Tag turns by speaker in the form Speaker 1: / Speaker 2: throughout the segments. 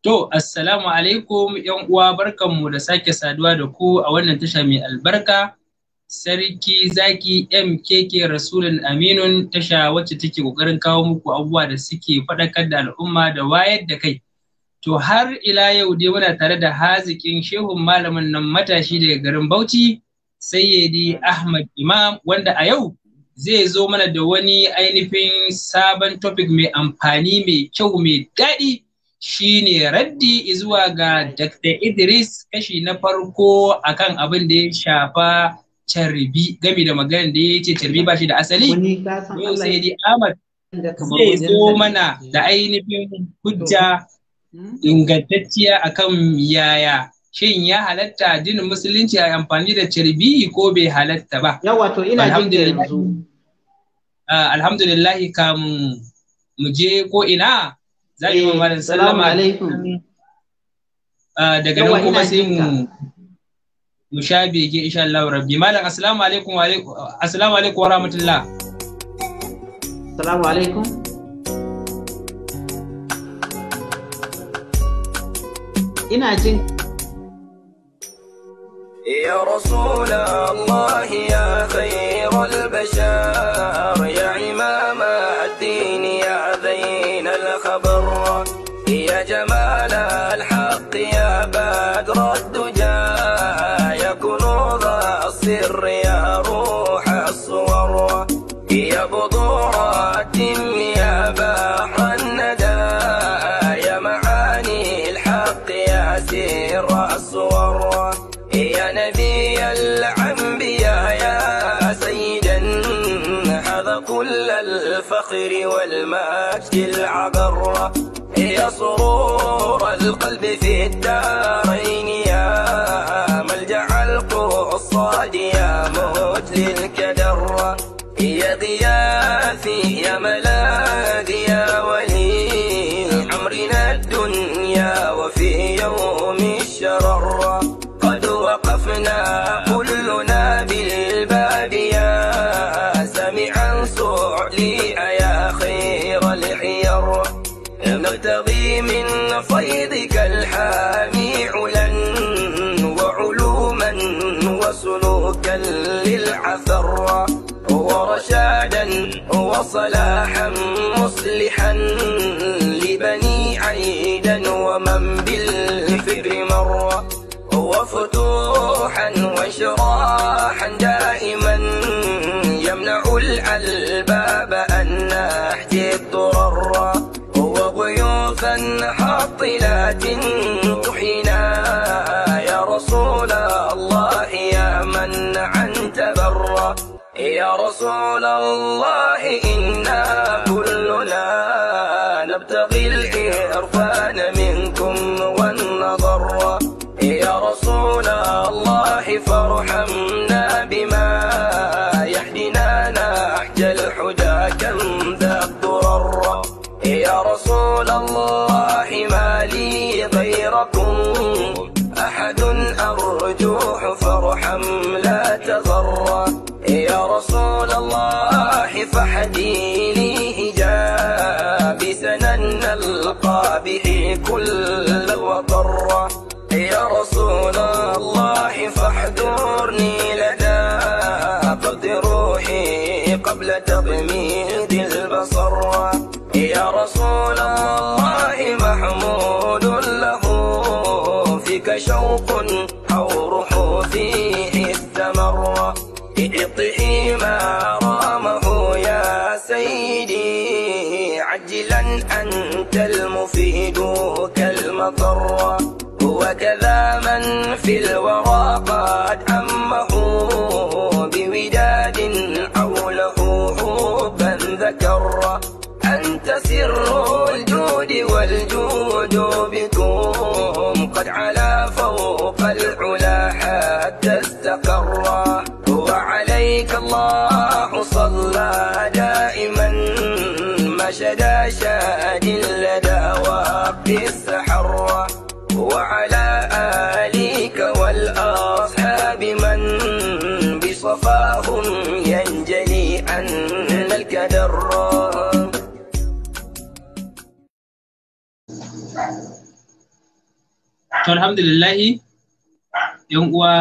Speaker 1: To, assalamu alaikum ‘yan uwa barkanmu da sake saduwa da ku a wannan tasha mai albarka, Sarki Zaki MKK Rasulun Aminun tasha wacce take ƙoƙarin kawo muku abubuwa da suke faɗakar da al'umma da wayar da kai. To, har ila yau dai muna tare da hazikin shehun malamin nan matashi daga garin Bauchi, Sayyidi Ahmad Imam, wanda a yau zai zo mana da wani ainihin sabon topic mai amfani mai kyau mai daɗi. Shi ne raddi zuwa ga Dr. Idris kashi na farko akan abin da ya shafa carbi gami da magana da ya ce carbi ba shi da asali yau sai di Ahmad zai zo mana da ainihin hujja hmm? ingantacciya akan yaya shin ya halatta jin musulunci a amfani da carbi ko bai halatta ba yawa to ina jin ah, alhamdulillah kam mu je ko ina za yi wa malam sallama ah, daga nan kuma sai mu mu sha bege insha Allah rabbi malam assalamu alaikum wa alaikum assalamu alaikum wa rahmatullah assalamu alaikum
Speaker 2: ina jin
Speaker 3: يا رسول الله يا خير البشر خير أسور يا نبي العنبياء يا سيدا هذا كل الفخر والمجد العبر يا سرور القلب في الدارين يا ملجأ القصاد يا موت للكدر يا ضيافي يا ملاذي تجرر قد وقفنا كلنا بالباب يا سمعا صعليا يا خير الحير نبتغي من فيضك الحامي علا وعلوما وسلوكا للعثر ورشادا وصلاحا إسراح دائما يمنع الألباب أن نحجي الضرر وضيوفا حاطلات تحينا يا رسول الله يا من عن تبر يا رسول الله إنا ارحم لا تضر يا رسول الله فحدي لي بسنن القابح نلقى به كل وضره في الورى قد أمه بوداد حوله حبا ذكر أنت سر الجود والجود بكم قد علا فوق العلا حتى استقر وعليك الله صلى دائما ما مشدى شاد لدى وقت السحر وعلى
Speaker 1: To alhamdulillahi ‘yan uwa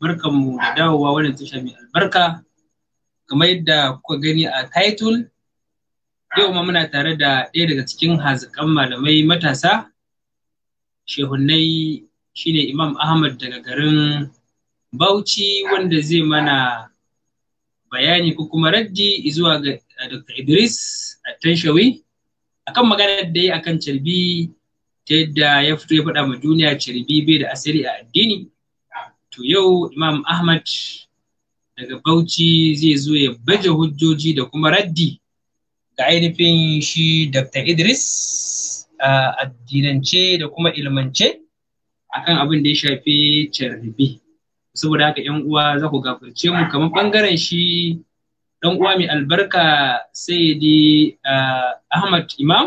Speaker 1: barkanmu da dawowa wannan tasha mai albarka kamar yadda kuka gani a title yau ma muna tare da ɗaya daga cikin hazikan malamai matasa shehunnai shine imam ahmad daga garin bauchi wanda zai mana bayani ko kuma raddi zuwa ga dr idris tanshawi akan maganar da ya akan carbi ta yadda ya fito ya faɗa ma duniya carbi bai da asali a addini to yau imam ahmad daga bauchi zai zo ya baje hujjoji da kuma raddi ga ainihin shi dr idris a addinance da kuma ilmance akan abin da ya shafi carbi saboda haka yan uwa za ku gafarce mu kamar bangaren shi dan uwa mai albarka sayyidi uh, Ahmad Imam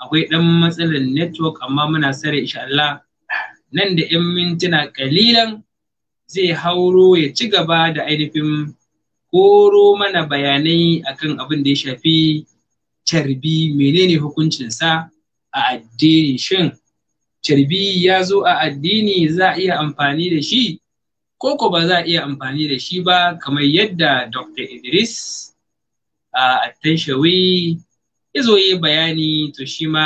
Speaker 1: akwai ɗan matsalar network amma muna sare insha Allah nan da 'yan mintuna kalilan zai hauro ya ci gaba da ainihin koro mana bayanai akan abin da ya shafi carbi menene hukuncinsa a addini shin carbi ya zo a addini za a iya amfani da shi koko ba za a iya amfani da shi ba kamar yadda dr idris a ya izo yi bayani to shi ma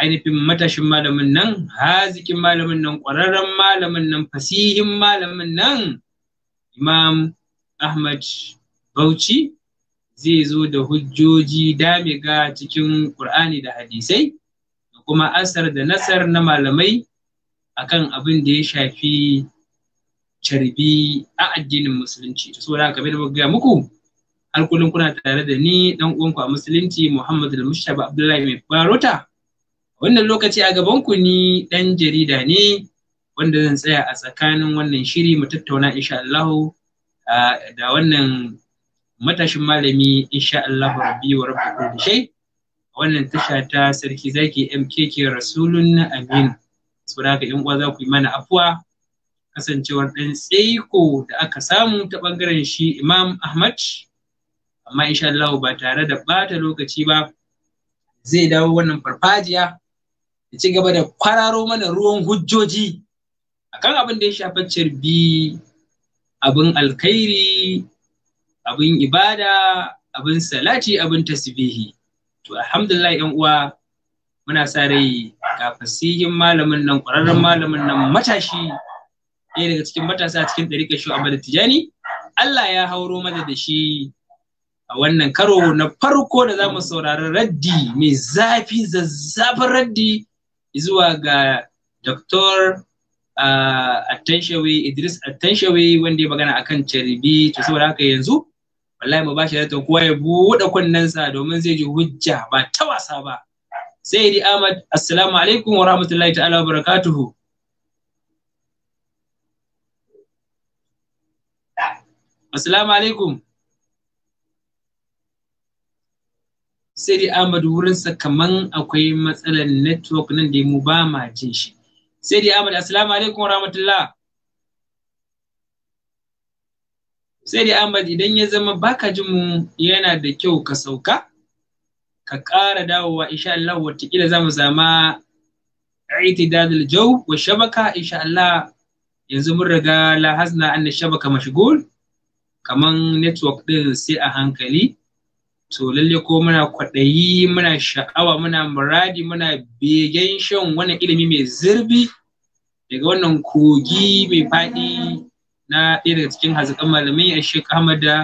Speaker 1: ainihin matashin malamin nan hazikin malamin nan ƙwararren malamin nan fasihin malamin nan imam ahmad bauchi zai zo da hujjoji damiga cikin ƙur'ani da hadisai da kuma asar da nasar na malamai akan abin da ya shafi carbi a addinin musulunci to saboda haka kamar da gaya muku har kullum kuna tare da ni dan uwanku a musulunci Muhammad al-Mushtaba Abdullahi mai barota wannan lokaci a gaban ku ni dan jarida ne wanda zan tsaya a tsakanin wannan shiri mu tattauna insha Allah da wannan matashin malami insha Allah rabbi wa rabbi kulli wannan tasha ta sarki zaki MKK rasulun amin saboda haka yan uwa za ku yi mana afuwa kasancewar ɗan tsaiko da aka samu ta ɓangaren shi imam ahmad amma insha Allah ba tare da ɓata lokaci ba zai dawo wannan farfajiya ya ci gaba da kwararo mana ruwan hujjoji akan abin da ya shafa cirbi abin alkhairi abin ibada abin salati abin tasbihi to alhamdulillah yan uwa muna sa rai ga fasihin malamin nan ƙwararren malamin nan matashi ɗaya daga cikin matasa a cikin ɗariƙar shi a Tijani Allah ya hauro mata da shi a wannan karo na farko da za mu saurari raddi mai zafi zazzafin raddi zuwa ga Dr. Uh, Idris Attanshawe wanda ya magana akan caribi to saboda haka yanzu wallahi mu bashi da kowa ya buɗe kunnensa domin zai ji hujja ba ta wasa ba sai Ahmad assalamu alaikum wa rahmatullahi ta'ala wa barakatuhu Assalamu alaikum. Sai dai Ahmad wurinsa kaman akwai matsalar network nan da mu ba ma jin shi. Sai dai Ahmad assalamu alaikum rahmatullah. Sai dai Ahmad idan ya zama baka jin mu yana da kyau ka sauka. Ka ƙara dawowa insha Allah wataƙila za mu sama i'tidadul jaw wa shabaka insha Allah yanzu mun riga hazna anna shabaka mashghul kaman network ɗin sai a hankali to lalle ko muna kwaɗayi muna sha'awa muna muradi muna begen shan wannan ilimi mai zurbi daga wannan kogi mai faɗi na ɗaya daga cikin hazikan malamai a shek da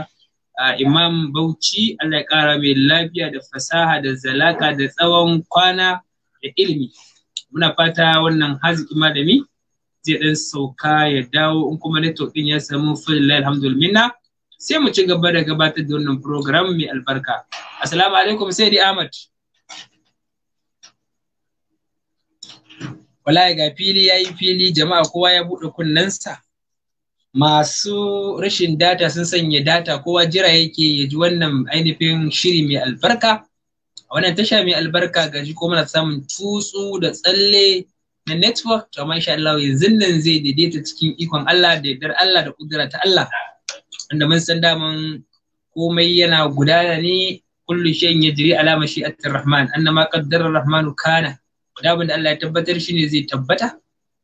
Speaker 1: imam bauchi allah ya ƙara mai lafiya da fasaha da zalaka da tsawon kwana da ilimi muna fata wannan haziki malami zai dan sauka ya dawo in kuma network ɗin ya samu filillahi alhamdulillah sai mu ci gaba da gabatar da wannan program mai albarka assalamu alaikum sai di ahmad wallahi ga fili yi fili jama'a kowa ya buɗe kunnensa masu rashin data sun sanya data kowa jira yake ya ji wannan ainihin shiri mai albarka a wannan tasha mai albarka ga shi ko muna samun tutsu da tsalle na network to amma insha Allah yanzu nan zai daidaita cikin ikon Allah da yardar Allah da kudura ta Allah Wanda mun san daman komai yana gudana ne kullu shay'in yajri ala mashi'atir rahman annama qaddara rahmanu kana dabin da Allah ya tabbatar ne zai tabbata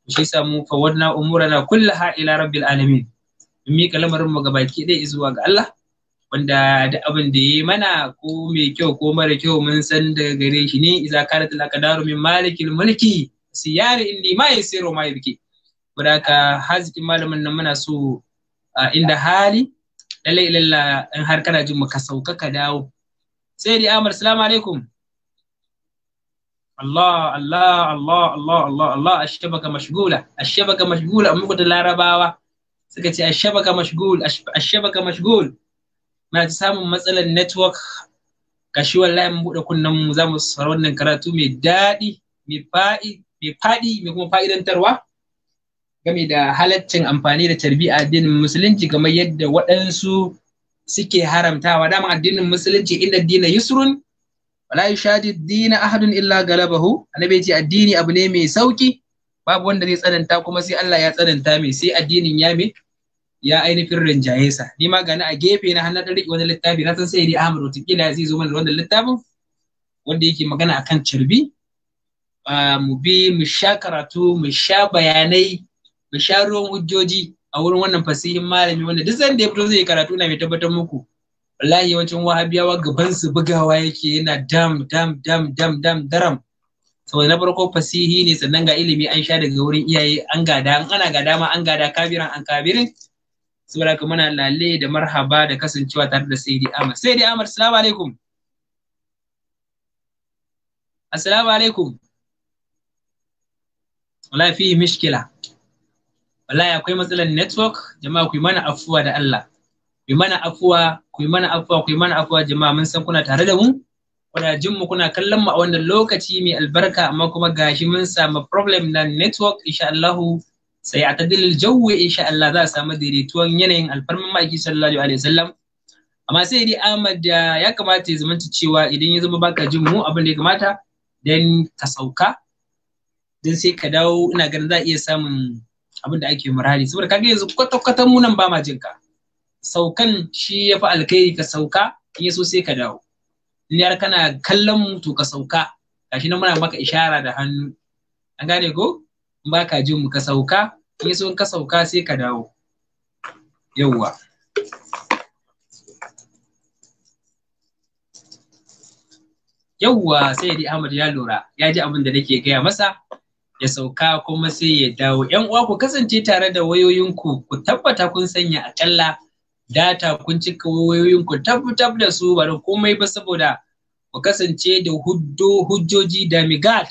Speaker 1: shi yasa mu umura umurana kullaha ila rabbil alamin mun mika lamarin mu gabaki ɗaya izuwa ga Allah wanda da abin da yayi mana ko mai kyau ko mara kyau mun san daga gare shi ne Iza kana al aqdaru min malikil mulki siyari indi ma yasiru ma yabki wadaka hazikin malamin nan muna so inda hali lalle lalla in har kana jin mu ka sauka ka dawo sai di amar salamu alaikum Allah Allah Allah Allah Allah Allah ashabaka mashgula ashabaka mashgula amma ku da larabawa suka ce ashabaka mashgul ashabaka mashgul muna ta samun matsalar network kashi wallahi mun bude kunnan mu zamu saurari wannan karatu mai daɗi mai fa'i mai faɗi mai kuma fa'idantarwa game da halaccin amfani da tarbi a addinin musulunci kamar yadda waɗansu suke haramtawa dama addinin musulunci inda dina yusrun wala yushadi dina ahadun illa galabahu annabi ce addini abu ne mai sauki babu wanda zai tsananta kuma sai Allah ya tsananta mai sai addinin ya mai ya ainihin rinjaye sa ni ma gani a gefe na hannun da wani littafi na san sai dai Ahmad wataƙila zai zo mana da wannan littafin wanda yake magana akan carbi ah, mu bi mu sha karatu mu sha bayanai mu sha ruwan hujjoji a wurin wannan fasihin malami wanda duk sanda ya fito zai karatu na mai tabbatar muku wallahi yawancin wahabiyawa gaban su bugawa yake yana dam dam dam dam dam daram saboda na farko fasihi ne sannan ga ilimi an sha daga wurin iyaye an gada an ana gada ma an gada kabiran an kabirin saboda kuma muna lalle da marhaba da kasancewa tare da sayyidi amar sayyidi amar assalamu alaikum assalamu alaikum wallahi fi mishkila wallahi akwai matsalar network jama'a ku yi mana afuwa da Allah ku yi mana afuwa ku yi mana afuwa ku mana afuwa jama'a mun san kuna tare da mu kuna jin mu kuna kallon mu a wannan lokaci mai albarka amma kuma gashi mun samu problem na network insha Allah sai a tadilil insha Allah za a samu daidaituwan yanayin alfarmin ma'aiki sallallahu alaihi wasallam amma sai dai Ahmad ya kamata ya zamanta cewa idan ya zama baka jin mu abin da ya kamata dan ka sauka dan sai ka dawo ina ganin za a iya samun abin da ake murari saboda kaga yanzu kwata mu nan ba ma jinka saukan shi ya fi alkhairi ka sauka in yaso sai ka dawo in yar kana kallon mu to ka sauka gashi nan muna maka ishara da hannu an gane ko in ba ka jin mu ka sauka in yaso in ka sauka sai ka dawo yawwa yauwa sai Ahmad ya lura ya ji abin da nake gaya masa ya sauka kuma sai ya dawo. ‘Yan uwa ku kasance tare da wayoyinku ku tabbata kun sanya akalla data kun cika wayoyinku tabbatar da su ba komai ba saboda ku kasance da huddo hujjoji da migat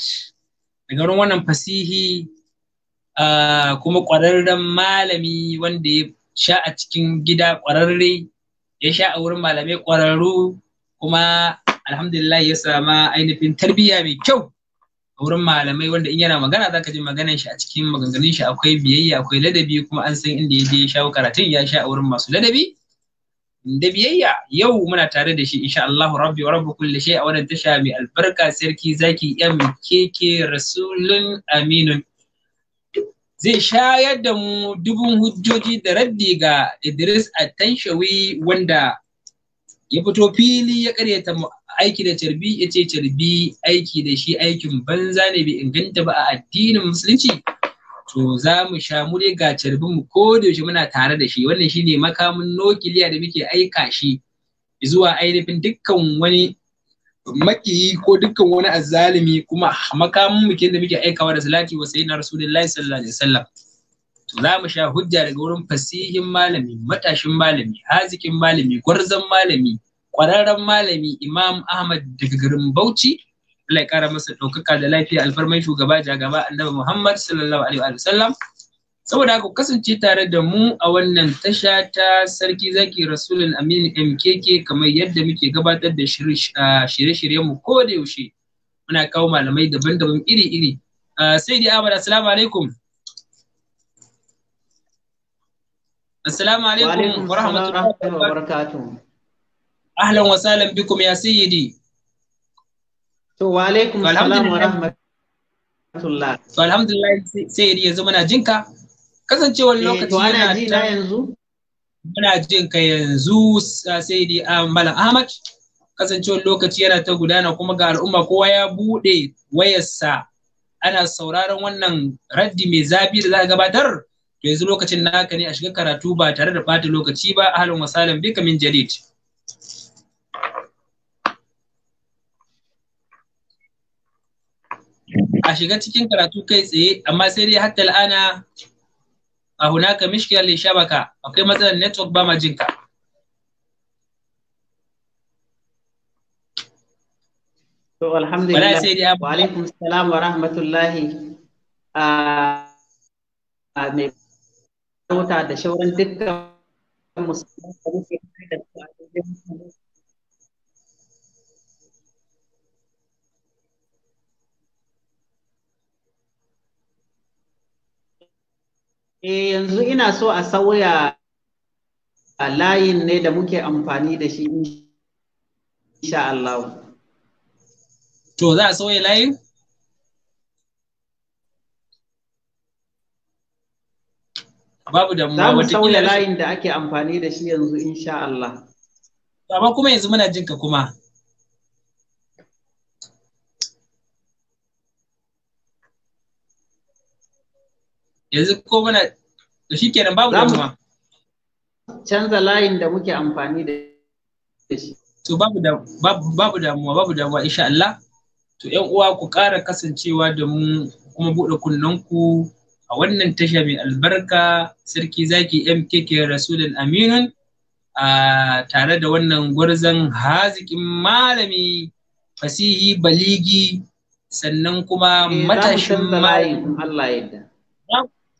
Speaker 1: daga wannan fasihi kuma ƙwararren malami wanda ya sha a cikin gida ƙwararre ya sha a wurin malamai kwararru kuma alhamdulillah ya sama ainihin tarbiyya mai kyau wurin malamai wanda in yana magana zaka ji maganar shi a cikin maganganun shi akwai biyayya akwai ladabi kuma an san inda ya je ya shawo karatun ya sha a wurin masu ladabi da biyayya yau muna tare da shi insha Allahu rabbi wa rabbukum kulli shay'a a wannan tasha mai albarka sarki zaki yan keke rasulun aminun zai shayar da mu dubun hujjoji da raddi ga Idris Attanshawi wanda ya fito fili ya karyata aiki da carbi ya ce carbi aiki da shi aikin banza ne bai inganta ba a addinin musulunci to za mu sha mure ga carbin mu ko da yaushe muna tare da shi wannan shine makamin nokiliya da muke aika shi zuwa ainihin dukkan wani makiyi ko dukkan wani azzalimi kuma makamin mu da muke aikawa da salati wa sayyidina rasulullahi sallallahu alaihi wasallam to za mu sha hujja daga wurin fasihin malami matashin malami hazikin malami gwarzon malami ƙwararren malami Imam Ahmad daga garin Bauchi Allah ya ƙara masa ɗaukaka da lafiya alfarmai shugaba jagaba annabi Muhammad sallallahu alaihi wa sallam saboda haka kasance tare da mu a wannan tasha ta sarki zaki rasulun amin mkk kamar yadda muke gabatar da shirye-shiryen mu ko da yaushe muna kawo malamai daban-daban iri-iri sai dai abada assalamu alaikum assalamu alaikum wa rahmatullahi wa barakatuh ahlan wa sahlan bikum ya sayyidi to wa alaikum salam to eh, yanzu muna jinka kasancewar lokaci yana jina yanzu muna ah, jinka yanzu sayyidi ah, malam ahmad kasancewar lokaci yana ta gudana kuma ga al'umma kowa ya buɗe wayarsa ana sauraron wannan raddi mai zafi da za gabatar to yanzu lokacin naka ne a shiga karatu ba tare da bata lokaci ba ahlan wa sahlan bika min jadid a shiga cikin karatu kai tsaye amma sai dai hatta al'ana a hunaka mishkilar li shabaka akwai matsalar network ba ma jinka
Speaker 2: to alhamdulillah wa alaikum salam wa rahmatullahi a mai da shauran dukkan musulman da da su a cikin E, yanzu ina so a sauya layin ne da muke amfani da shi insha Allah.
Speaker 1: To za a sauya layin? Babu da mu wata sauya layin
Speaker 2: da ake amfani da shi yanzu insha Allah.
Speaker 1: Amma kuma yanzu muna jinka kuma. yanzu ko muna to shikenan babu damuwa
Speaker 2: canza layin da muke amfani da
Speaker 1: shi to babu damuwa babu damuwa insha Allah to yan uwa ku ƙara kasancewa da mu kuma buɗe kunnanku a wannan tasha mai albarka sarki zaki mkk rasulun aminun a tare da wannan gwarzon haziƙin malami fasihi baligi sannan kuma eh, matashin malami Allah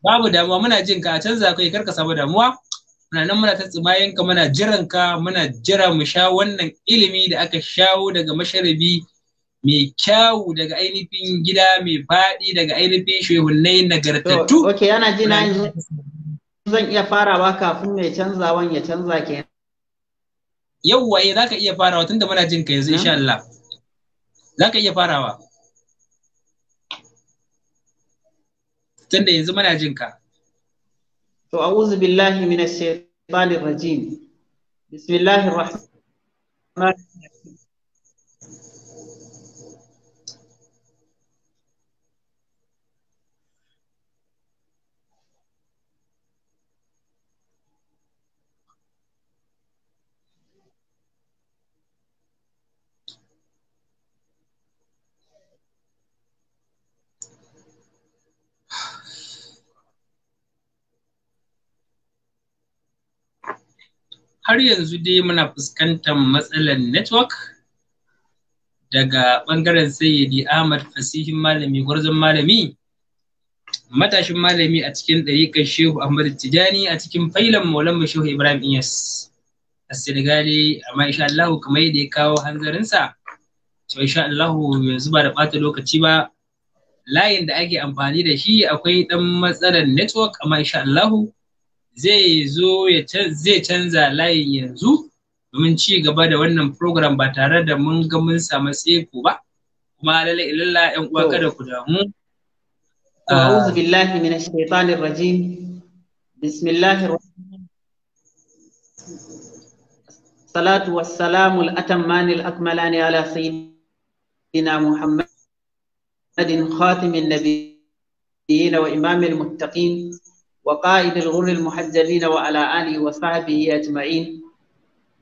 Speaker 1: babu damuwa muna jin ka a canza kai kar ka samu damuwa muna nan muna ta tsimayen ka muna jiran ka muna jira mu sha wannan ilimi da aka shawo daga masharabi mai kyawu daga ainihin gida mai faɗi daga ainihin shehunnai nagartattu.
Speaker 2: Ok, yana ji na zan iya farawa kafin mai canzawan ya canza ke.
Speaker 1: Yau eh za ka iya farawa tunda muna jin ka yanzu insha Allah. Za ka iya farawa. tunda yanzu muna jin ka
Speaker 2: to a'udhu billahi minash shaitanir rajim bismillahir rahmanir rahim
Speaker 1: har yanzu dai muna fuskantar matsalar network daga ɓangaren sayyidi ahmad fasihin malami gwarzon malami matashin malami a cikin ɗariƙar shehu ahmad tijani a cikin failan maulan shehu ibrahim iyas a senegali amma insha allah kamar yadda ya kawo hanzarinsa to insha allah yanzu ba da ɓata lokaci ba layin da ake amfani da shi akwai ɗan matsalar network amma insha allahu zai zo zai canza layi yanzu domin ci gaba da wannan program ba tare da mun ga mun samu tseko ba kuma lalle ilalla yan uwa kada ku damu أعوذ
Speaker 2: بالله من الشيطان الرجيم بسم الله الرحمن الصلاة والسلام الأتمان الأكملان على سيدنا محمد خاتم النبيين وإمام المتقين وقائد الغر المحجلين وعلى آله وصحبه أجمعين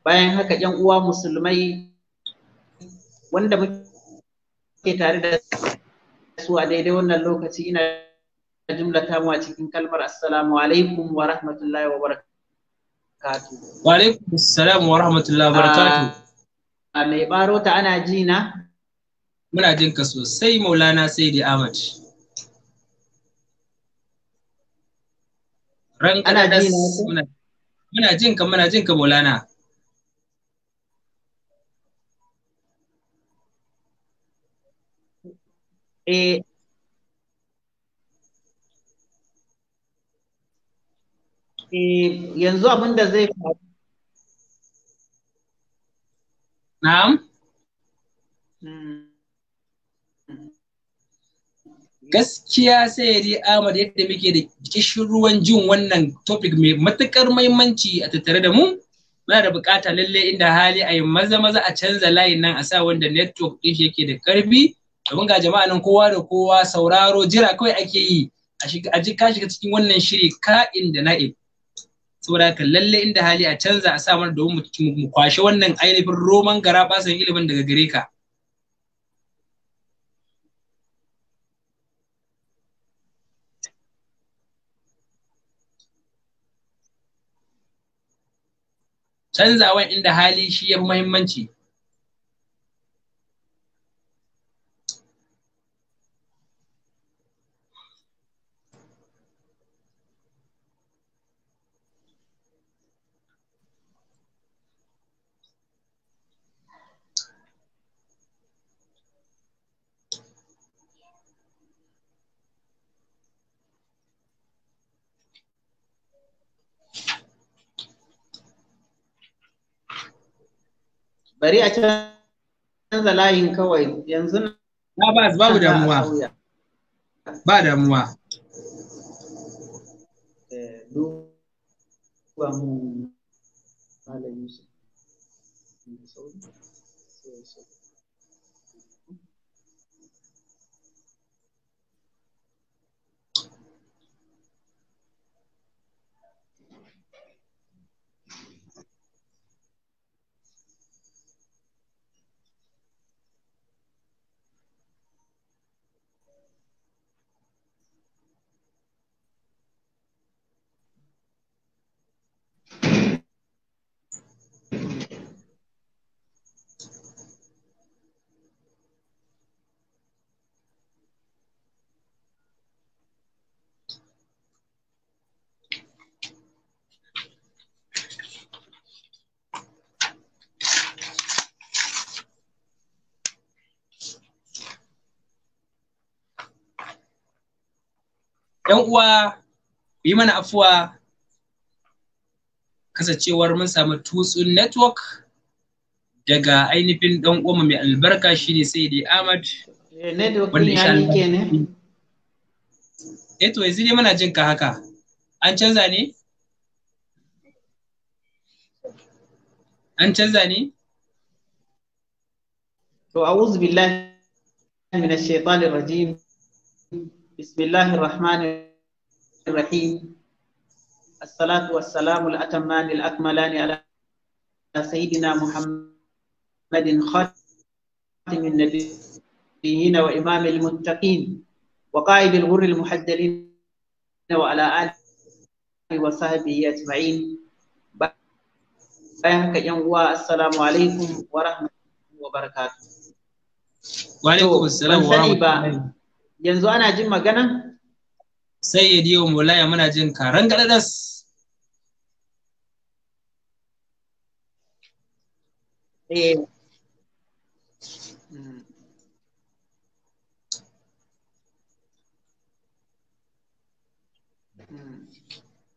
Speaker 2: bayan haka ‘yan uwa musulmai wanda muke tare da su a daidai wannan lokaci ina jumla a cikin kalmar assalamu alaikum wa rahmatullahi wa barakatu.
Speaker 1: Wa alaikum assalamu wa rahmatullahi wa barakatu.
Speaker 2: A mai baro ta ana ji na?
Speaker 1: Muna jinka sosai Maulana sai Saidi Ahmad. Ranka ana jin muna jin ka muna jin ka Maulana.
Speaker 2: Eh, eh yanzu abin da zai faru.
Speaker 1: Na'am? Hmm. gaskiya sai yari Ahmad yadda muke da kishirwan jin wannan topic mai matukar mahimmanci a tattare da mu muna da bukata lalle inda hali a yi maza maza a canza layin nan a sa wanda network din yake da karfi domin ga jama'a nan kowa da kowa sauraro jira kawai ake yi a ji ka shiga cikin wannan shiri ka'in da na'i. saboda ka lalle inda hali a canza a sa mana domin mu kwashe wannan ainihin roman gara ilimin daga gare ka canzawan inda hali shi ya muhimmanci
Speaker 2: bari a canza layin kawai yanzu
Speaker 1: na ba babu damuwa ba damuwa
Speaker 2: Thank eh, you.
Speaker 1: 'yan uwa yi mana afuwa kasancewar mun samu tutsun network daga ainihin dan uwa mai albarka shine sai eh, eh, dai Ahmad wanda eh ne? yanzu ne mana jin ka haka an canza ne an canza ne
Speaker 2: to a'udhu billahi minash shaitanir rajim بسم الله الرحمن الرحيم الصلاة والسلام الأتمان الأكملان على سيدنا محمد خاتم النبيين وإمام المتقين وقائد الغر المحجلين وعلى آله وصحبه أجمعين bayan haka yan uwa assalamu alaikum wa rahmatullahi wa barakatuh
Speaker 1: wa alaikum assalam wa rahmatullahi
Speaker 2: yanzu ana jin magana? Sai ya diyo mulaya muna jin karan gadadas. Eh.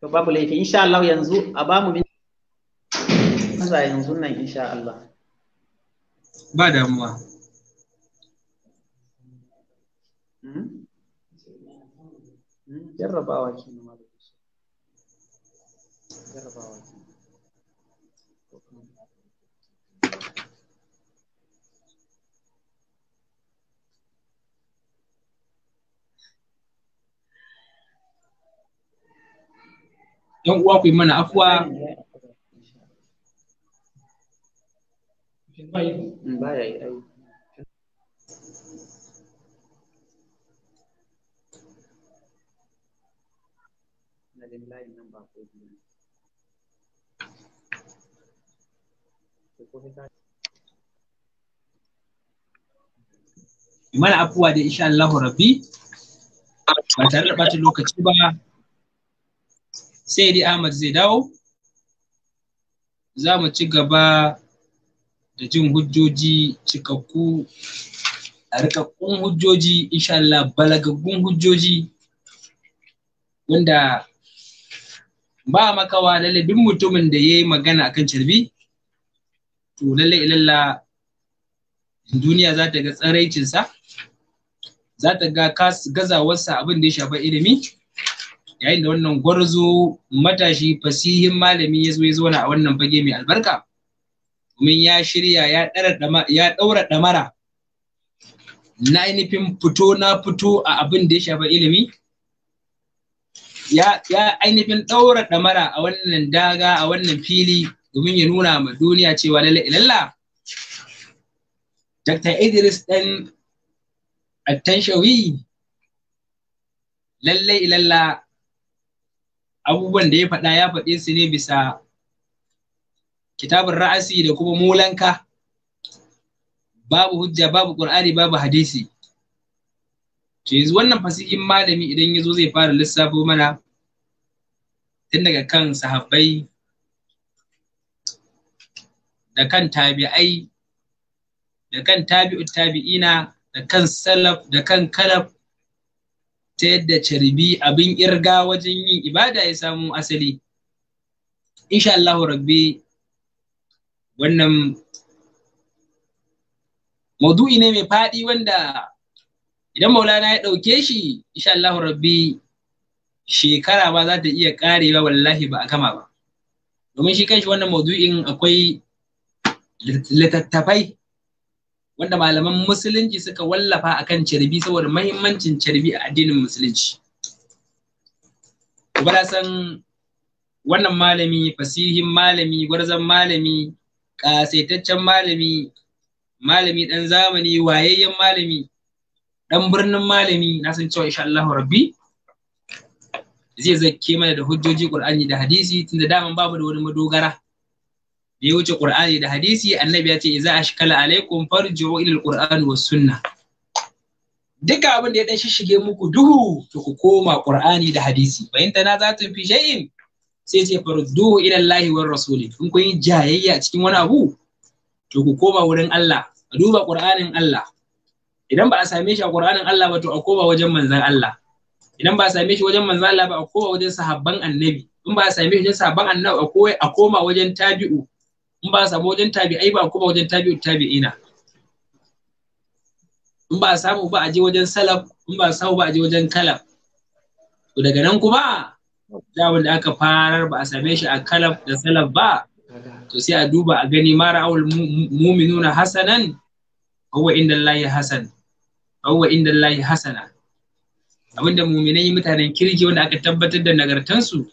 Speaker 2: To babu laifi insha Allah yanzu a ba mu min yanzu nan insha Allah.
Speaker 1: Ba damuwa. ¿Qué robaba aquí
Speaker 4: nomás? ¿Qué robaba aquí?
Speaker 1: Don't walk with mana afwa.
Speaker 4: Bye. Bye. Bye.
Speaker 1: gani layin nan mana afuwa da insha Allahu rabbi ba tare da ɓata lokaci ba sai dai Ahmad zai dawo za mu ci gaba da jin hujjoji cikakku a rikakkun hujjoji insha Allah balagaggun hujjoji wanda ba makawa lalle duk mutumin da ya yi magana akan carbi to lalle ilalla duniya za ta ga tsaraicinsa za ta ga gazawarsa abin da ya shafa ilimi yayin da wannan gwarzo matashi fasihin malami ya zo ya zauna a wannan fage mai albarka domin ya shirya ya ɗaura ɗamara na ainihin fito na fito a abin da ya shafa ilimi ya ainihin ɗaura ɗamara a wannan daga a wannan fili domin ya nuna ma duniya cewa lalle ilalla Dr. Idris ɗan Attanshawi lalle ilalla abubuwan da ya faɗa ya faɗe su ne bisa kitabun ra'asi da kuma mulanka babu hujja babu ƙur'ani babu hadisi to yanzu wannan fasihin malami idan ya zo zai fara lissafo mana tun daga kan sahabbai da kan tabi'ai da kan tabi'ut tabi'ina da kan salaf da kan kalaf ta yadda carbi abin irga wajen yin ibada ya samu asali insha Allah rabbi wannan maudu'i ne mai faɗi wanda idan maulana ya ɗauke shi insha Allah rabbi shekara ba za ta iya karewa wallahi ba a gama ba domin shi kanshi wannan maudu'in akwai littattafai wanda malaman musulunci suka wallafa a kan carbi saboda mahimmancin carbi a addinin musulunci kuma san wannan malami fasihin malami gwarzon malami ƙasaitaccen malami malami ɗan zamani wayayyen malami ɗan birnin malami na san cewa insha Allah rabbi zai zake mana da hujjoji Qur'ani da hadisi tunda daman babu da wani madogara da ya wuce Qur'ani da hadisi annabi ya ce idza ashkala alaikum farji'u ila al-Qur'ani was sunnah duka abin da ya dan shishige muku duhu to ku koma Qur'ani da hadisi bayyanta na za ta fi shay'in sai ce farduhu ila Allahi war rasuli kun kun yi jayayya cikin wani abu to ku koma wurin Allah a duba Qur'anin Allah idan ba a same shi a Qur'anin Allah ba to a koma wajen manzon Allah idan ba a same shi wajen manzo Allah ba a koma wajen sahabban annabi in ba a same shi wajen sahabban annabi a koma a koma wajen tabi'u in ba a samu wajen tabi'ai ba a koma wajen tabi'u tabi'ina in ba a samu ba a je wajen salaf in ba a samu ba a je wajen kalaf to daga nan kuma da wanda aka farar ba a same shi a kalaf da salaf ba to sai a duba a gani mara awul muminuna hasanan huwa inda Allah hasan huwa inda Allah hasana abinda muminai mutanen kirki wanda aka tabbatar da nagartansu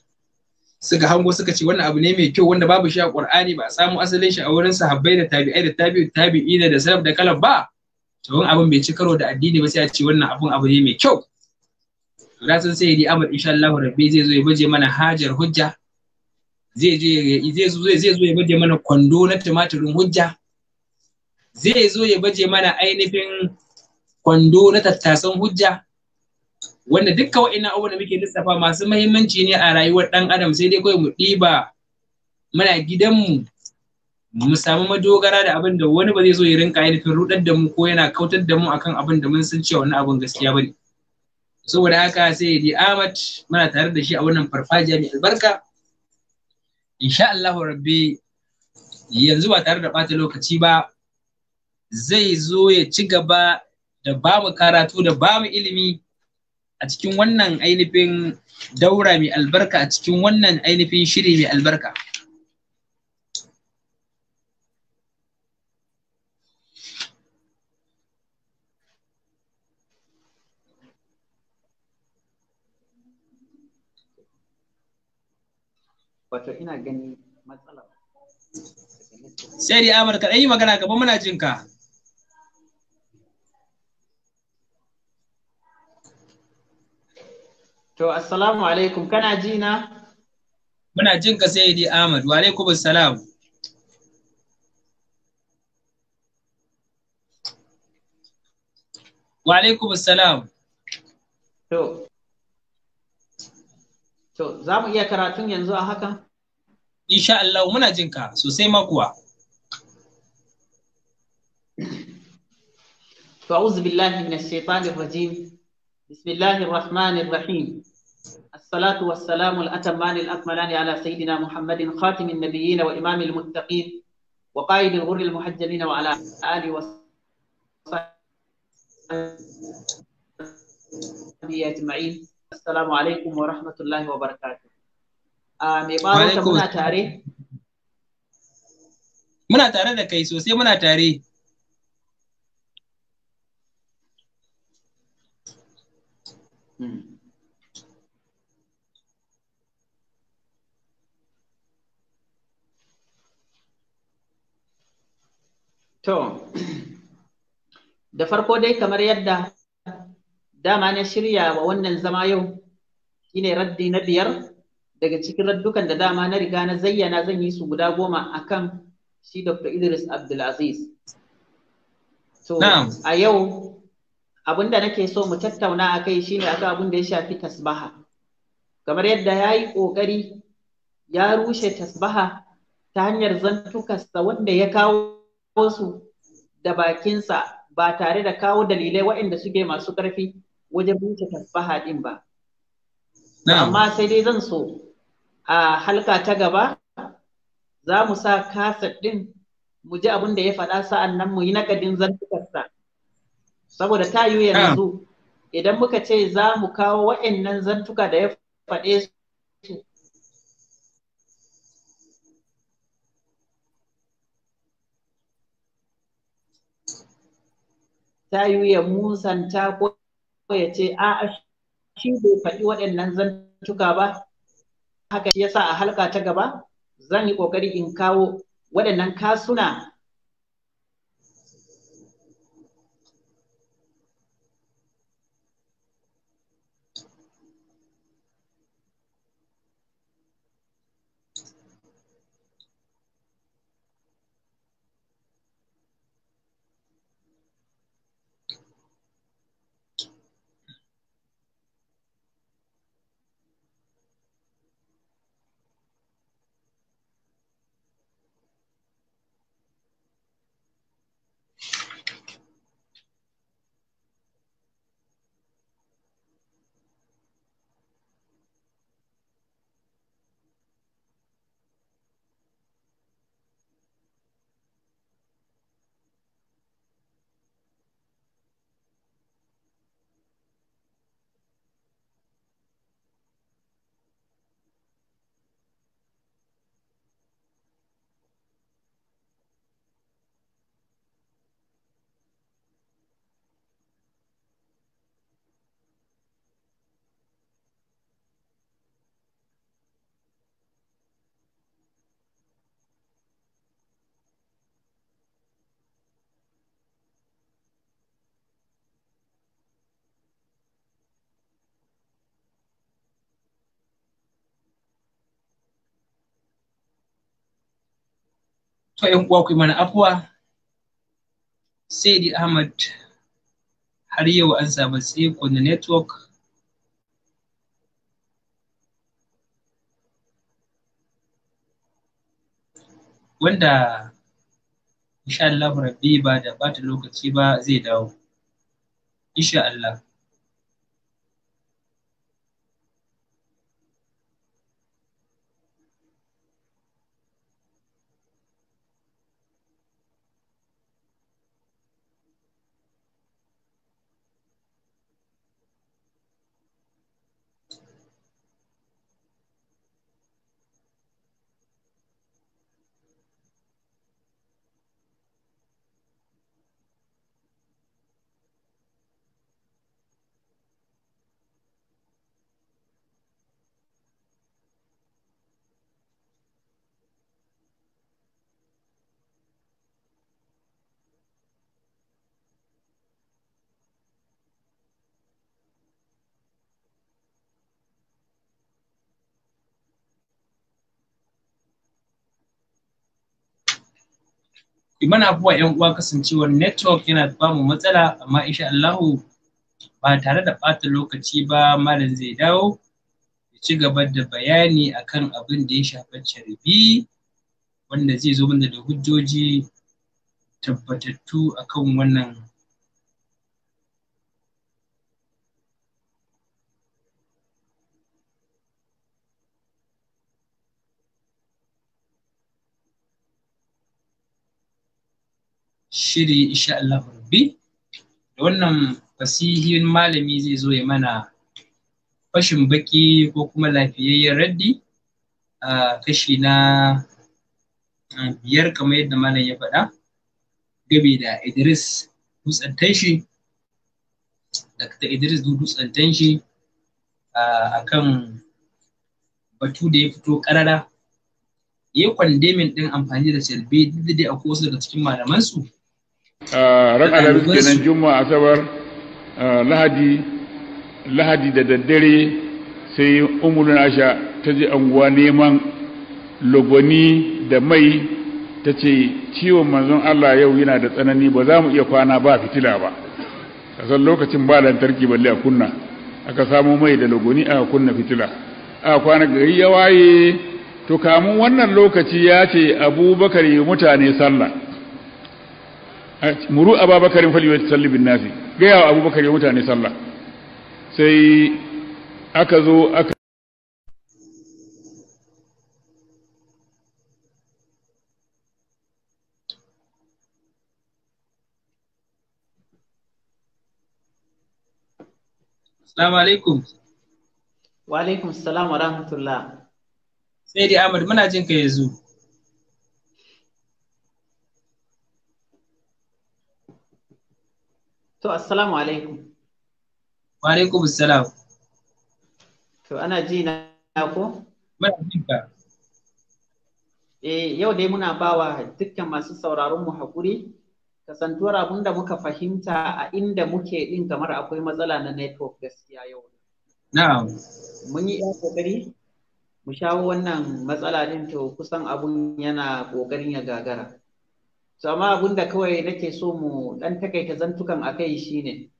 Speaker 1: suka hango suka ce wannan abu ne mai kyau wanda babu shi a Qur'ani ba a samu asalin shi a wurin sahabbai da tabi'ai da tabi'u tabi'i da salaf da kalaf ba to abin bai ci karo da addini ba sai a ce wannan abun abu ne mai kyau da rasul sai di amal insha Allah rabbi zai zo ya baje mana hajar hujja zai je zai zo zai zo ya baje mana kwando na tumatirin hujja zai zo ya baje mana ainihin kwando na tattasan hujja wanda dukkan wa'ina abubuwan da muke lissafa masu mahimmanci ne a rayuwar ɗan adam sai dai kawai mu ɗiba muna gidanmu mu samu madogara da abin da wani ba zai so ya rinka yi nufin rudar da mu ko yana kautar da mu akan abin da mun san cewa wani abin gaskiya ba bane saboda haka sai di Ahmad muna tare da shi a wannan farfajiya mai albarka insha Allah rabbi yanzu ba tare da bata lokaci ba zai zo ya ci gaba da bamu karatu da bamu ilimi a cikin wannan ainihin daura mai albarka a cikin wannan ainihin shiri mai albarka. Wato ina gani matsala. Sai dai Amurka, ɗan yi magana gaba muna jinka. ka. To assalamu alaikum kana ji na? Muna jin ka sai Idi Ahmad wa alaikum salam. Wa alaikum salam.
Speaker 2: To To za mu iya karatun yanzu a haka? Insha Allah muna jin ka sosai makuwa. فأعوذ بالله من الشيطان الرجيم بسم الله الرحمن الرحيم الصلاة والسلام الأتمان الأكملان على سيدنا محمد خاتم النبيين وإمام المتقين وقائد الغر المحجلين وعلى آله وصحبه أجمعين السلام عليكم ورحمة الله وبركاته
Speaker 1: mai barota muna tare muna tare da kai sosai muna tare hmm.
Speaker 2: To, da farko dai kamar yadda dama na shirya wa wannan zama yau shine raddi na biyar daga cikin raddukan da dama na riga na zayyana zan yi su guda goma a kan shi Dr. Idris Abdulaziz. So, a yau abin nake so mu tattauna a kai shine aka abin da ya shafi tasbaha. Kamar yadda ya yi ƙoƙari ya rushe tasbaha ta hanyar zantukarsa wanda ya kawo su da bakinsa ba tare da kawo dalilai waɗanda suke masu ƙarfi wajen rushe tasbaha din ba. Amma sai dai zan so a halka ta gaba za mu sa kaset ɗin mu ji abin da ya faɗa sa'an nan mu yi nakadin zantukarsa. Saboda ta yi yanzu idan muka ce za mu kawo waɗannan zantuka da ya faɗe su. ta yi ya musanta ko ya ce a'a shi bai faɗi waɗannan zantuka ba haka shi yasa a halka ta gaba zan yi ƙoƙari in kawo waɗannan kasuna
Speaker 1: to yan uwa ku mana afuwa sai ahmad har yau an samu tseko na network wanda insha Allah rabbi ba da bata lokaci ba zai dawo insha Allah imana abuwa ‘yan uwa kasancewar network yana ba mu matsala amma insha Allahu ba tare da ɓata lokaci ba malam zai dawo ya ci gaba da bayani akan abin da ya shafi carbi wanda zai zo mana da hujjoji tabbatattu akan wannan shiri insha Allah rabbi da wannan fasihin malami zai zo ya mana fashin baki ko kuma lafiyayyen raddi a kashi na biyar kamar yadda malam ya faɗa gabe da Idris dutsantan shi Dr. Idris dutsantan shi a kan batu da ya fito ƙarara ya kwandemin ɗin amfani da shalbe duk da akwai wasu daga cikin malamansu
Speaker 2: Ah, ran alhamis kenan juma'a asabar ah, lahadi lahadi da daddare sai umulun asha ta ji anguwa neman logoni da mai ta ce ciwon manzon Allah yau yana da tsanani ba za mu iya kwana ba fitila ba san lokacin ba lantarki balle a kunna aka samu mai da logoni aka kunna fitila a kwana gari ya waye
Speaker 4: to kamun wannan lokaci ya ce abubakar yi mutane sallah muru ababakarin fali wata salli bin nasi gaya wa abubakar ya mutane sallah
Speaker 2: sai aka zo aka
Speaker 1: Assalamu alaikum.
Speaker 2: Wa alaikum salam wa rahmatullah. Sai
Speaker 1: dai Ahmad muna jin ka yanzu.
Speaker 2: To, assalamu alaikum.
Speaker 1: Wa alaikum assalam.
Speaker 2: To, ana ji na ko? Muna jin Eh, yau dai muna bawa dukkan masu sauraron mu hakuri kasantuwar abin da muka fahimta a inda muke din kamar akwai matsala na network gaskiya yau. Na'am. Mun yi kokari mu shawo wannan matsala din to kusan abun yana kokarin ya gagara. to amma abin da kawai nake so mu dan takaita zantukan a akai shine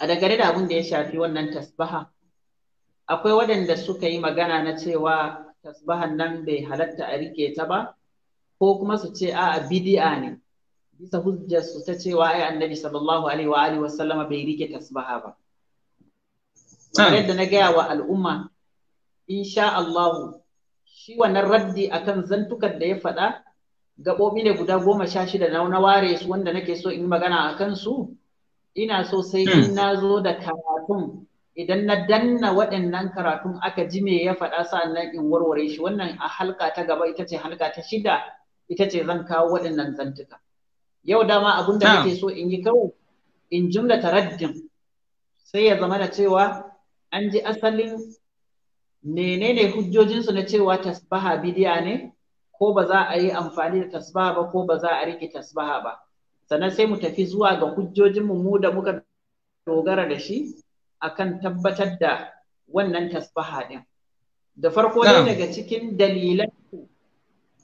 Speaker 2: a dangane da abin da ya shafi wannan tasbaha akwai waɗanda suka yi magana na cewa tasbahan nan bai halatta a rike ta ba ko kuma su ce a'a bidi'a ne bisa hujjar su ta cewa ai annabi sallallahu alaihi wa alihi wasallama bai rike tasbaha ba hmm. yadda na gaya wa al'umma insha Allah shi wannan raddi akan zantukan da ya faɗa gaɓoɓi ne guda goma sha shida na ware su wanda nake so in yi magana a kansu ina so sai hmm. in na zo da karatun idan na danna waɗannan karatun aka ji me ya faɗa sa'annan in warware shi wannan a halka ta gaba ita ce halka ta shida ita ce zan kawo waɗannan zantuka yau dama abin da nake so in yi kawai in jumla taraddin sai ya zama da cewa an ji asalin menene hujjojinsu na cewa tasbaha bidiya ne ko ba za a yi amfani da tasbaha ba ko ba za a rike tasbaha ba sannan sai mu tafi zuwa ga hujjojin mu da muka dogara da shi akan tabbatar da wannan tasbaha din da farko dai daga cikin dalilan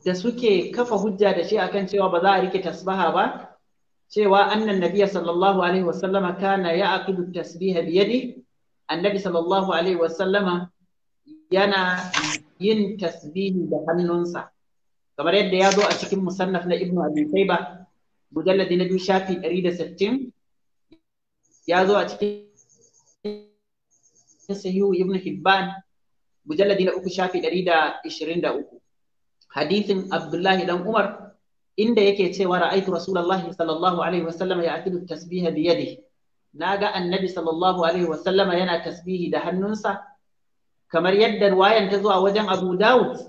Speaker 2: da suke kafa hujja da shi akan cewa ba za a rike tasbaha ba cewa annan nabiya sallallahu alaihi wasallama kana ya aqidu tasbiha bi yadi annabi sallallahu alaihi wasallama yana yin tasbihi da hannunsa kamar yadda ya zo a cikin musannaf na ibnu abi saiba mujalladi na biyu shafi 160 ya zo a cikin sahihu ibnu hibban mujalladi na uku shafi 123 hadithin abdullahi dan umar inda yake cewa ra'aytu rasulullahi sallallahu alaihi wasallam ya atidu tasbiha bi yadihi naga annabi sallallahu alaihi sallam yana tasbihi da hannunsa kamar yadda ruwayan ta zuwa wajen abu dawud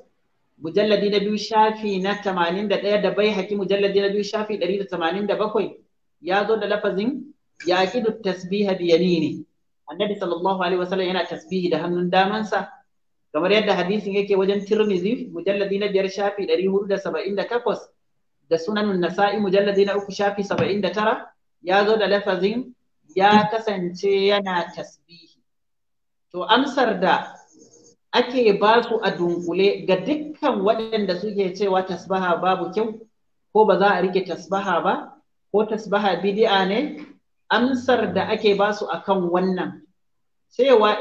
Speaker 2: mujalladi na biyu shafi na tamanin da ɗaya da bai haki mujalladi na biyu shafi ɗari da tamanin da bakwai ya zo da lafazin ya kidu tasbiha bi yamini annabi sallallahu alaihi wasallam yana tasbihi da hannun damansa kamar yadda hadisin yake wajen tirmizi mujalladi na biyar shafi ɗari huɗu da saba'in da takwas da sunanun nasa'i mujalladi na uku shafi saba'in da tara ya zo da lafazin ya kasance yana tasbihi to amsar da ake ba su a dunkule ga dukkan waɗanda suke cewa tasbaha babu kyau ko ba za a rike tasbaha ba ko tasbaha bidi'a ne amsar da ake ba su akan wannan cewa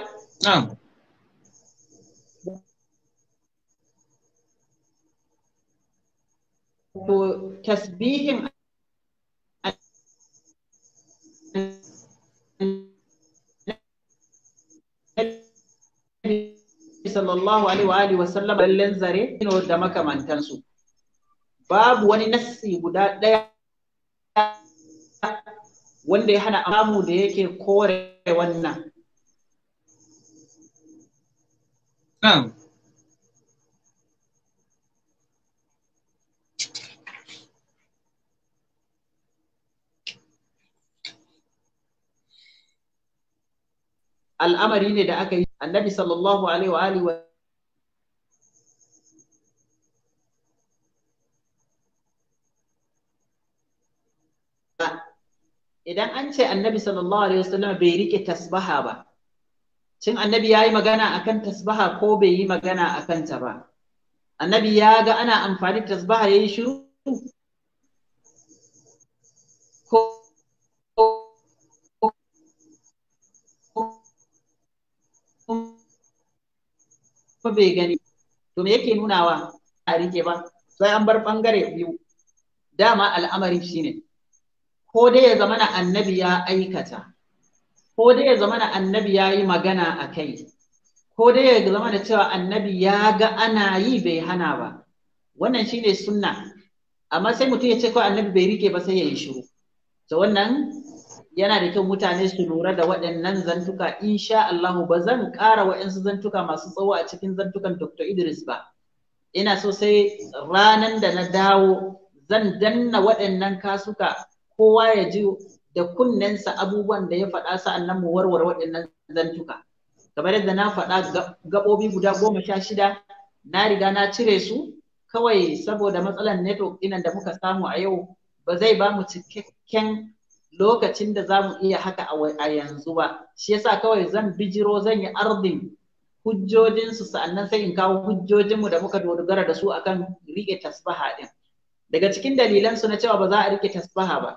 Speaker 2: tasbihin sallallahu alaihi wa sallam lallen zare da makamantansu babu wani nassi guda ɗaya wanda ya hana amu da yake kore wannan Al'amari ne da aka yi annabi sallallahu alaihi wa alihi wa idan an ce annabi sallallahu alaihi wasallam bai rike tasbaha ba shin annabi ya yi magana akan tasbaha ko bai yi magana akan ta ba annabi ya ga ana amfani tasbaha ya yi shiru ko kuma bai gani to me yake nunawa a rike ba sai an bar bangare biyu dama al'amari shine ko dai ya zamana annabi ya aikata ko dai ya zamana annabi ya yi magana a kai ko dai ya zamana cewa annabi ya ga ana yi bai hana ba wannan shine sunna amma sai mutum ya ce ko annabi bai rike ba sai ya yi shiru to wannan yana da kyau mutane su lura da waɗannan zantuka insha Allah ba zan ƙara waɗansu zantuka masu tsawo a cikin zantukan Dr. Idris ba ina so sai ranan da na dawo zan danna waɗannan kasuka kowa ya ji da kunnensa abubuwan da ya faɗa sa'annan mu warware waɗannan zantuka kamar yadda na faɗa gaɓoɓi guda goma sha shida na riga na cire su kawai saboda matsalar network ɗinan da muka samu a yau ba zai ba mu cikakken lokacin da za mu iya haka a a yanzu ba shi yasa kawai zan bijiro zan yi ardin hujjojinsu sa'annan sai in kawo hujjojinmu da muka dogara da su akan rike tasbaha din daga cikin dalilansu na cewa ba za a rike tasbaha ba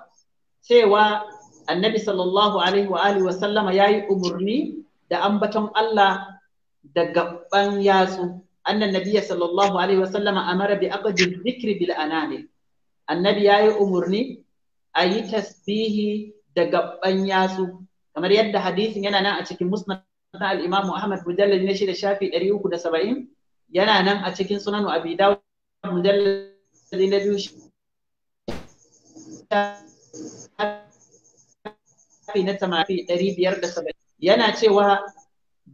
Speaker 2: cewa annabi sallallahu alaihi wa alihi wasallama yayi umurni da ambaton Allah da gaban yatsu annan nabiyya sallallahu alaihi wa amara bi aqdi dhikri bil anani annabi yayi umurni a yi tasbihi da gaban yatsu kamar yadda hadisin yana nan a cikin musnad na al-Imam Ahmad mujallad ne shi da shafi 370 yana nan a cikin sunan Abi Dawud mujallad ne biyu shafi na tamafi 570 yana cewa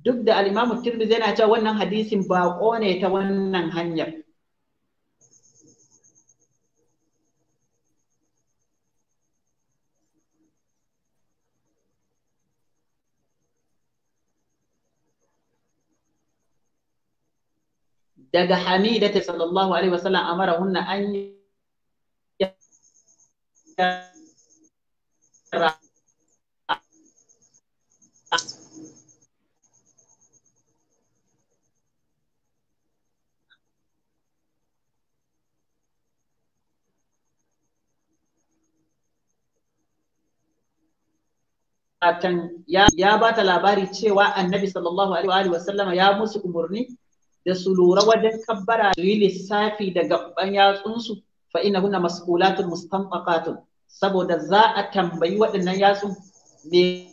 Speaker 2: duk da al-Imam Tirmidhi yana cewa wannan hadisin ba ne ta wannan hanyar daga hamidata sallallahu alaihi wasallam amara hunna an ya ba ta labari cewa annabi sallallahu alaihi wasallama ya musu umarni da su lura wajen kabbara su yi lissafi da gaban yatsunsu fa ina hunna mas'ulatun mustanfaqatun saboda za a tambayi waɗannan yatsun me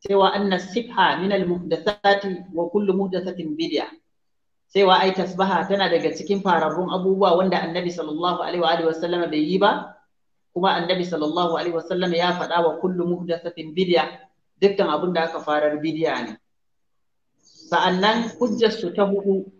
Speaker 2: cewa anna sibha min al muhdathati wa kullu muhdathatin bid'a cewa ai tasbaha tana daga cikin fararrun abubuwa wanda annabi sallallahu alaihi wa alihi wa sallama bai yi ba kuma annabi sallallahu alaihi wa sallama ya faɗa wa kullu muhdathatin bid'a dukkan abin da aka farar bid'a ne sa'annan hujjar su ta hudu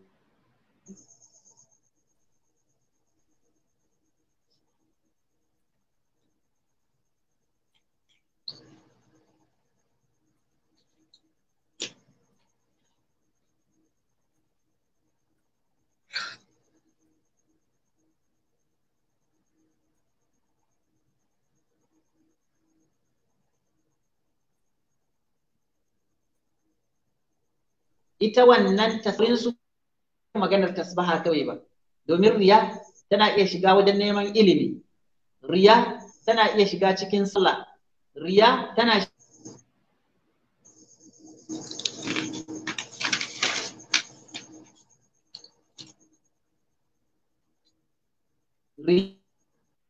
Speaker 2: ita wannan tasbihin su maganar tasbaha kawai ba domin riya tana iya shiga wajen neman ilimi riya tana iya shiga cikin sallah riya tana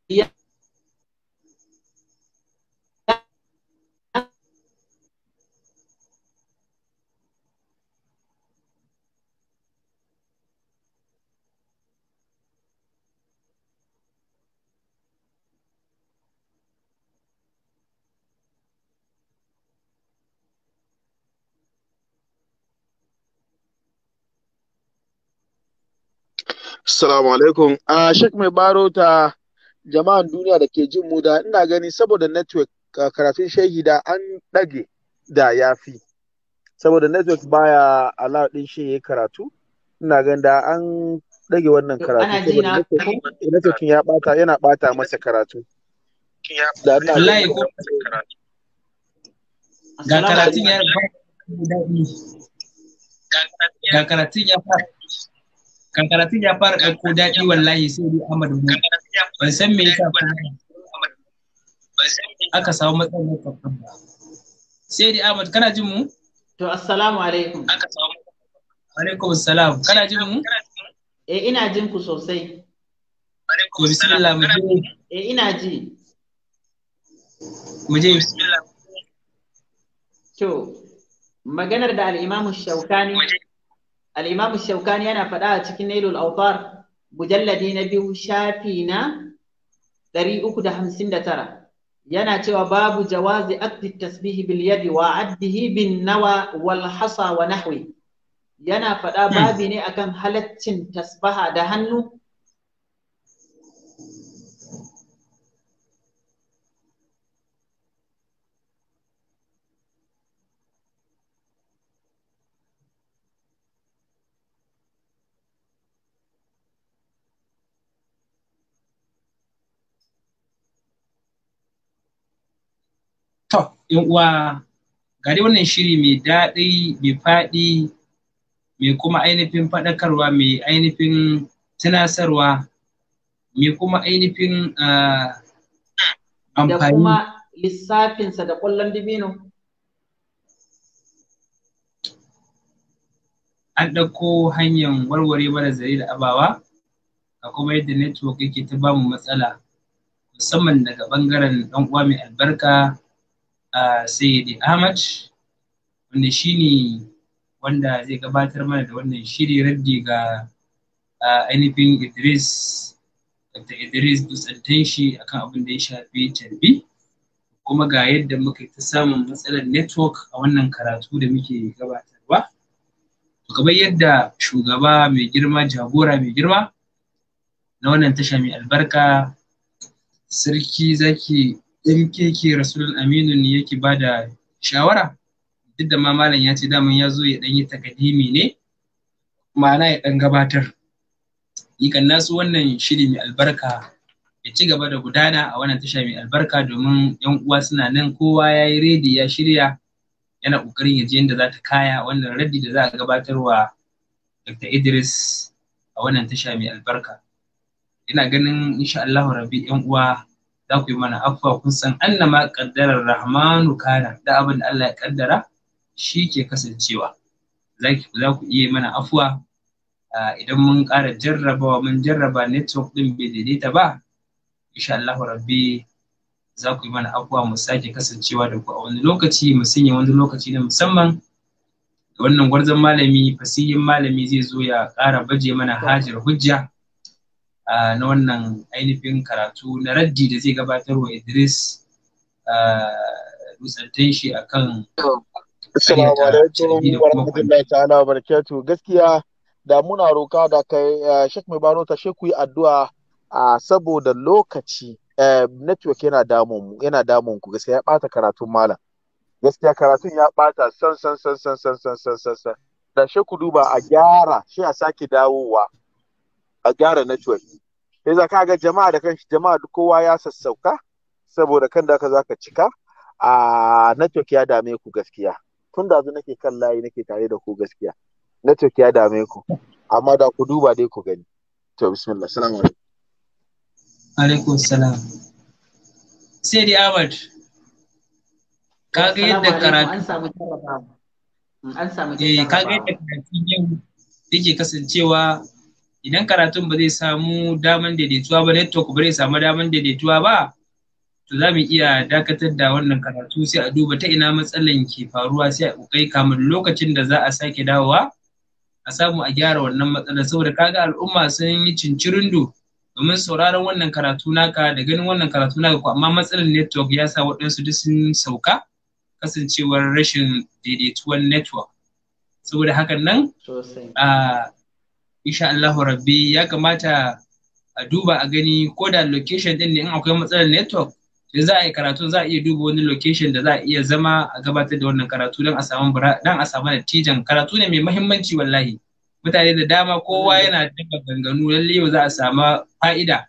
Speaker 1: riya
Speaker 4: Assalamu alaikum. A ah, Sheikh Mai Baro ta jama'an duniya da ke jin mu da ina gani saboda network ah, karatun shehi da an ɗage da ya fi. Saboda network baya allow ɗin shi ya karatu. Ina gani da an ɗage wannan karatu. Saboda network ya ɓata yana ɓata masa karatu. Da ina gani. Ga karatun ya
Speaker 1: Ga karatun ya kankaratun ya fara ɗauko daɗi wallahi sai dai Ahmad mu ban san me yasa aka samu matsalar kafin ba sai dai Ahmad kana jin mu to assalamu alaikum aka samu alaikum assalam kana jin mu
Speaker 2: eh ina jin ku sosai
Speaker 1: alaikum bismillah mu eh ina ji mu je bismillah
Speaker 2: to maganar da al-Imam Shawkani al-imam shaukani yana faɗa a cikin nailul awtar mujalladi na biyu shafi na da tara, yana cewa babu jawazi akdi tasbihi bil yadi wa addihi nawa walhasa wa nahwi yana faɗa babu ne akan halaccin tasbaha da hannu
Speaker 1: yan uwa gari wannan shiri mai daɗi mai faɗi mai kuma ainihin faɗakarwa mai ainihin tunasarwa mai kuma ainihin amfani da kuma
Speaker 2: lissafinsa
Speaker 1: an ɗauko hanyar warware mara zare da abawa a kuma yadda network yake ta bamu matsala musamman daga ɓangaren ɗan uwa mai albarka Sayyidi Ahmad wanda shine wanda zai gabatar mana da wannan shiri raddi ga ainihin Idris da Idris Dutsantan shi akan abin da ya shafi tarbi kuma ga yadda muka ta samun matsalar network a wannan karatu da muke gabatarwa. kamar yadda shugaba mai girma jagora mai girma na wannan tasha mai albarka sarki zaki In ke ke rasulul aminu ne yake ba da shawara duk da ma ya ce daman ya zo ya dan yi takadimi ne ma'ana ya dan gabatar kan nasu wannan shiri mai albarka ya ci gaba da gudana a wannan tasha mai albarka domin yan uwa suna nan kowa ya yi redi ya shirya yana kokarin ya je yadda za ta kaya wannan raddi da za a gabatarwa dr idris a wannan tasha mai albarka ina ganin insha allahu rabi yan uwa za ku yi mana afuwa kun san annama ƙaddarar rahmanu kana da abin da Allah ya kaddara shi ke kasancewa za ku iya mana afuwa idan mun ƙara jarrabawa mun jarraba network din bai daidaita ba insha Allah rabbi za ku yi mana afuwa mu sake kasancewa da ku a wani lokaci mu sanya wani lokaci na musamman wannan gwarzon malami fasihin malami zai zo ya ƙara baje mana hajar hujja na wannan ainihin karatu na raddi da zai gabatar wa Idris rusantan shi a kan
Speaker 4: gaskiya da muna roka da kai mai bano ta sheku yi addu'a a saboda lokaci network yana damunmu yana damun ku gaskiya ya bata karatun malam gaskiya karatun ya bata san san san san san san san san da sheku duba a gyara shi a sake dawowa a gyara network sai za ka ga jama'a da kanshi jama'a duk kowa ya sassauka saboda kan da ka za ka cika a network ya dame ku gaskiya tun da zu nake kan layi nake tare da ku gaskiya network ya dame ku amma da ku duba dai ku gani to bismillah assalamu alaikum
Speaker 1: alaikum salam sai dai ahmad kaga yadda karatu an samu jarrabawa
Speaker 2: mm, an samu eh, jarrabawa eh kaga yadda karatu yau
Speaker 1: yake kasancewa idan karatun ba zai samu daman daidaituwa ba network ba zai samu daman daidaituwa ba to za mu iya dakatar da wannan karatu sai a duba ta ina matsalan ke faruwa sai a kokai kamar lokacin da za a sake dawowa a samu a gyara wannan matsalar saboda kaga al'umma sun yi cincirindo domin sauraron wannan karatu naka da ganin wannan karatu naka ko amma matsalar network ya sa waɗansu duk sun sauka kasancewar rashin daidaituwan network saboda hakan nan insha Allah rabbi ya kamata a duba a gani ko da location din ne in akwai matsalar network da za a yi karatu za a iya duba wani location da za a iya zama a gabatar da wannan karatu don a samu don a samu natijan karatu ne mai muhimmanci wallahi mutane da dama kowa yana da ganganu lalle yau za a samu fa'ida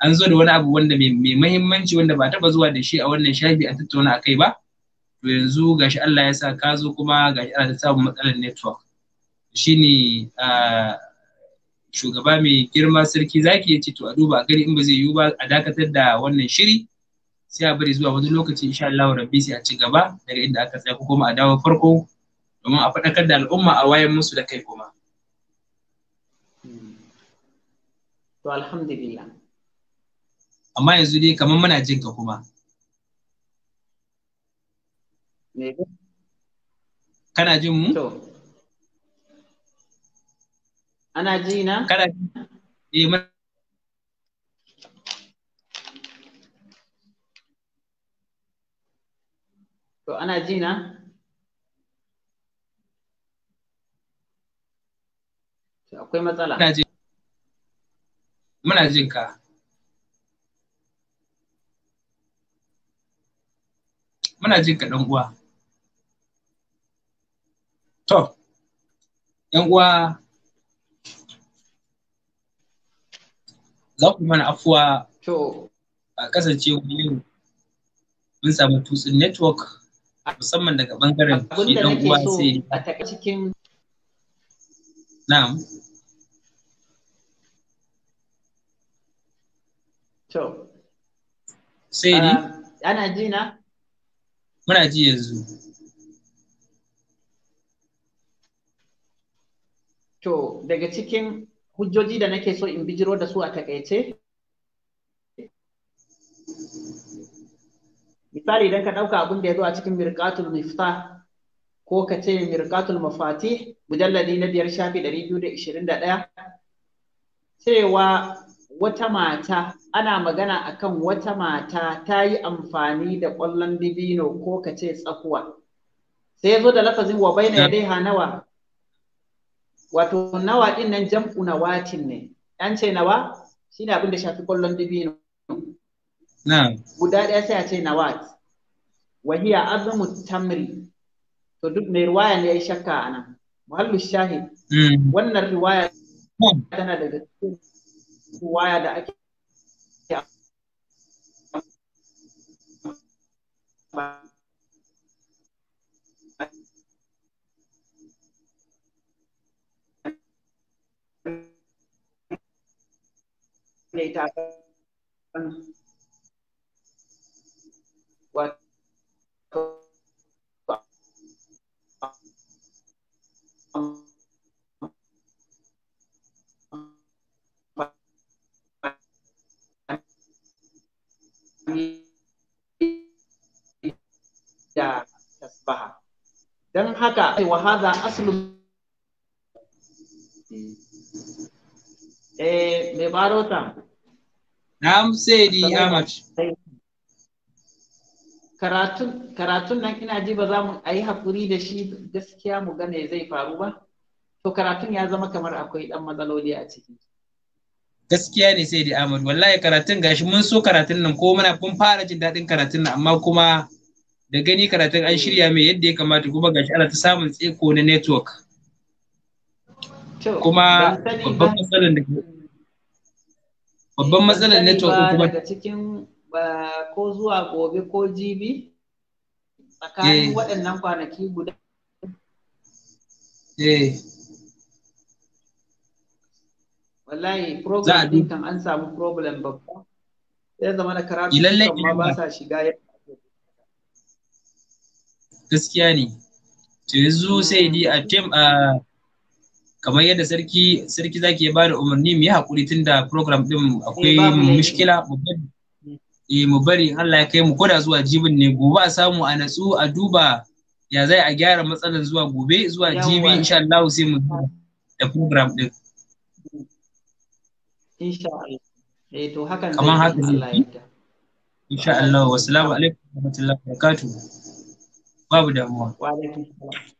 Speaker 1: an zo da wani abu wanda mai muhimmanci wanda ba taba zuwa da shi a wannan shafi a tattauna akai ba to yanzu gashi Allah ya sa ka zo kuma gashi ana ta samun matsalar network shine ah, shugaba mai girma sarki zaki ya ce to a duba gari in ba zai yiwu ba a dakatar da wannan shiri sai a bari zuwa wani lokaci insha Allah rabbi sai a ci gaba daga inda aka tsaya ko kuma a dawo farko domin a faɗakar da al'umma a wayan musu da kai kuma to alhamdulillah amma yanzu dai kamar muna jin ka kuma kana jin mu to
Speaker 2: Ana ji na? Kada.
Speaker 1: ji eh, To ana ji na? To Akwai matsala. Ana ji. Muna jin ka. Muna jin ka ɗan uwa. To, ‘yan uwa za ku mana afuwa to a kasance yau mun samu tutsin network musamman daga bangaren shi dan uwa sai
Speaker 2: a taka cikin na'am to sai ni ah, ana ji na
Speaker 1: muna ji yanzu
Speaker 2: to daga cikin hujjoji da nake so in bijiro da su a takaice misali idan ka ɗauka abin da ya zo a cikin mirqatul mifta ko ka ce mirqatul mafatih mujalladi na biyar shafi 221 cewa wata mata ana magana akan wata mata ta yi amfani da ƙwallon dibino ko ka ce tsakuwa sai zo da lafazin wa bai na dai hanawa wato nawa din nan jam'u watin ne an ce nawa shine abin da shafi kullun dibino guda ɗaya sai a ce nawa. wahiya azmu tamri to duk mai riwaya ne yayi shakka anan muhallu shahid mm. wannan riwaya tana daga cikin riwaya da ake it what ya, ya dan haka eh, wa hadha aslu Eh, me barota.
Speaker 1: Na'am di Ahmad.
Speaker 2: Karatun karatun nan ina ji ba za mu ayi hakuri da shi gaskiya mu gane zai faru ba. To karatun ya zama kamar akwai dan matsaloli a ciki.
Speaker 1: Gaskiya ne di Ahmad wallahi karatun gashi mun so karatun nan ko muna kun fara jin daɗin karatun nan amma kuma da gani karatun an shirya mai yadda ya kamata kuma gashi ana ta samun tseko na network. kuma babban matsalar da babban matsalar network din kuma daga
Speaker 2: cikin ko zuwa gobe ko jibi tsakanin eh. waɗannan kwanaki guda eh wallahi program din kan an samu problem babba sai zama da karatu eh, amma ba eh. sa
Speaker 1: shiga yadda gaskiya ne to yanzu sai di a kamar yadda sarki sarki zaki ya bada umarni mu yi hakuri tunda program din akwai eh, mushkila eh, mu bari Allah ya kai mu koda zuwa jibin ne gobe a samu a natsu a duba ya zai a gyara matsalar zuwa gobe zuwa jibi insha Allah sai mu da program din
Speaker 2: insha Allah eh to hakan kamar haka Allah
Speaker 1: insha Allah wassalamu alaikum wa rahmatullahi wa barakatuh babu damuwa
Speaker 2: wa alaikum salam